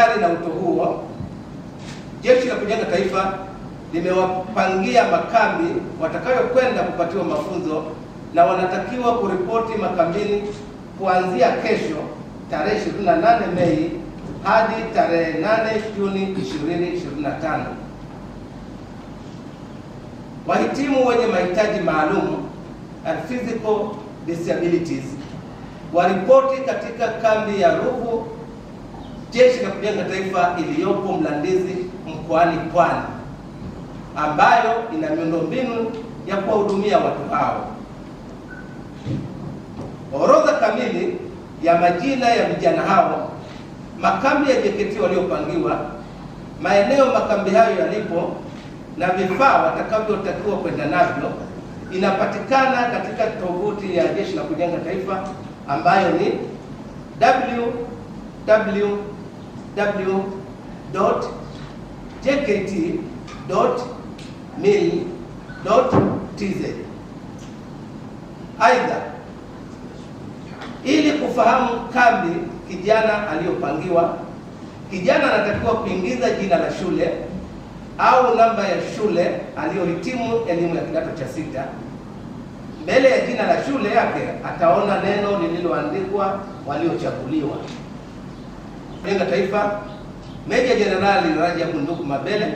Sanjari na wito huo, jeshi la kujenga taifa limewapangia makambi watakayokwenda kupatiwa mafunzo na wanatakiwa kuripoti makambini kuanzia kesho tarehe 28 Mei hadi tarehe 8 Juni 2025. Wahitimu wenye mahitaji maalum and physical disabilities waripoti katika kambi ya Ruvu Jeshi la Kujenga Taifa iliyopo Mlandizi mkoani Pwani, ambayo ina miundombinu ya kuwahudumia watu hao. Orodha kamili ya majina ya vijana hao, makambi ya JKT waliopangiwa, maeneo makambi hayo yalipo na vifaa watakavyotakiwa kwenda navyo inapatikana katika tovuti ya Jeshi la Kujenga Taifa ambayo ni www www.jkt.mil.tz. Aidha, ili kufahamu kambi kijana aliyopangiwa, kijana anatakiwa kuingiza jina la shule au namba ya shule aliyohitimu elimu ya kidato cha sita. Mbele ya jina la shule yake ataona neno lililoandikwa waliochaguliwa. Jenga Taifa, Meja Jenerali Rajabu ndugu Mabele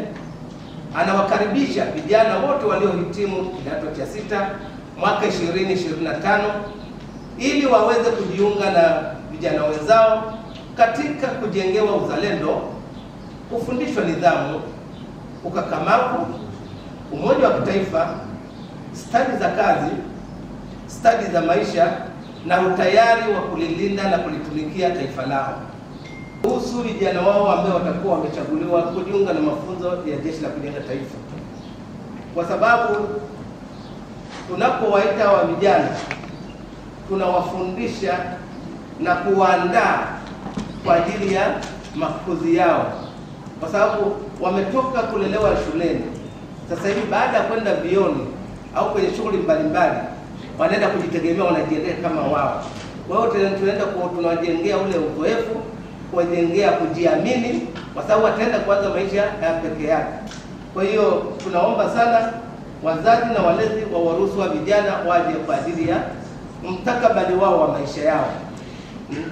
anawakaribisha vijana wote waliohitimu kidato cha sita mwaka 2025 ili waweze kujiunga na vijana wenzao katika kujengewa uzalendo, kufundishwa nidhamu, ukakamavu, umoja wa kitaifa, stadi za kazi, stadi za maisha na utayari wa kulilinda na kulitumikia taifa lao kuhusu vijana wao ambao watakuwa wamechaguliwa kujiunga na mafunzo ya Jeshi la Kujenga Taifa, kwa sababu tunapowaita wa vijana tunawafundisha na kuwaandaa kwa ajili ya makuzi yao, kwa sababu wametoka kulelewa shuleni. Sasa hivi baada ya kwenda vioni au kwenye shughuli mbalimbali, wanaenda kujitegemea, wanajiendea kama wao. Kwa hiyo tunaenda tunawajengea ule uzoefu kuwajengea kujiamini, kwa sababu ataenda kuanza maisha ya peke yake. Kwa hiyo tunaomba sana wazazi na walezi wawaruhusu wa vijana waje kwa ajili ya mtakabali wao wa maisha yao.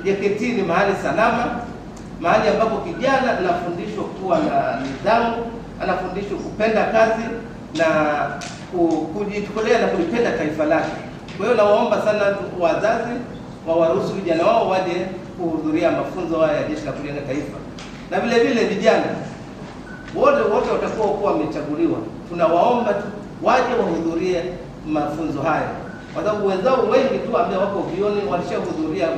JKT ni mahali salama, mahali ambapo kijana anafundishwa kuwa na nidhamu, anafundishwa kupenda kazi na kujichukulia na kulipenda taifa lake. Kwa hiyo nawaomba sana wazazi wawaruhusu vijana wao waje kuhudhuria mafunzo haya ya Jeshi la Kujenga Taifa, na vile vile vijana wote wote watakuwa kuwa wamechaguliwa, tunawaomba tu waje wahudhurie mafunzo haya, kwa sababu wenzao wengi tu ambao wako vioni walishahudhuria.